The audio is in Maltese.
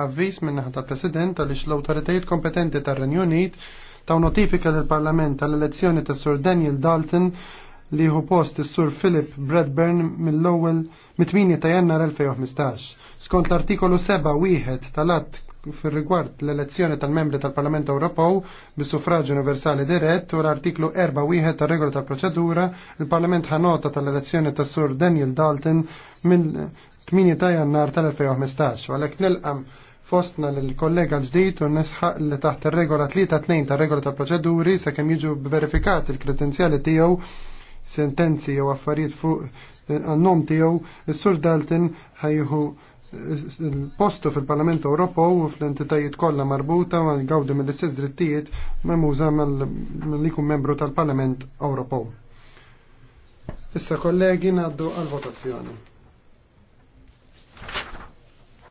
avviż minnaħa tal-President għaliex l-awtoritajiet kompetenti tar-Renju Unit taw notifika lill parlament tal-elezzjoni tas Sur Daniel Dalton li hu post is-Sur Philip Bradburn mill-ewwel mit-8 ta' Jannar 2015. Skont l-artikolu 7 tal-att fir-rigward l-elezzjoni tal-membri tal-Parlament Ewropew bis-suffraġġ universali dirett u l-artiklu 4 tar-regola tal-proċedura, il-Parlament ħanota tal-elezzjoni ta' sur Daniel Dalton minn 8 ta' jannar tal-2015, għalek nilqam fostna l-kollega l ġdijt u nesħaq li taħt il-regola 3-2 ta' regola ta' proċeduri sa' kem jiġu verifikat il-kredenzjali tijow sentenzi jew affarijiet fuq għannom tijow il-sur Dalton ħajju postu fil-Parlament Ewropew u fl-entitajiet kollha marbuta ma gawdu mill-istess drittijiet memuża mill ikun membru tal-Parlament Ewropew. Issa kollegi ngħaddu għal-votazzjoni.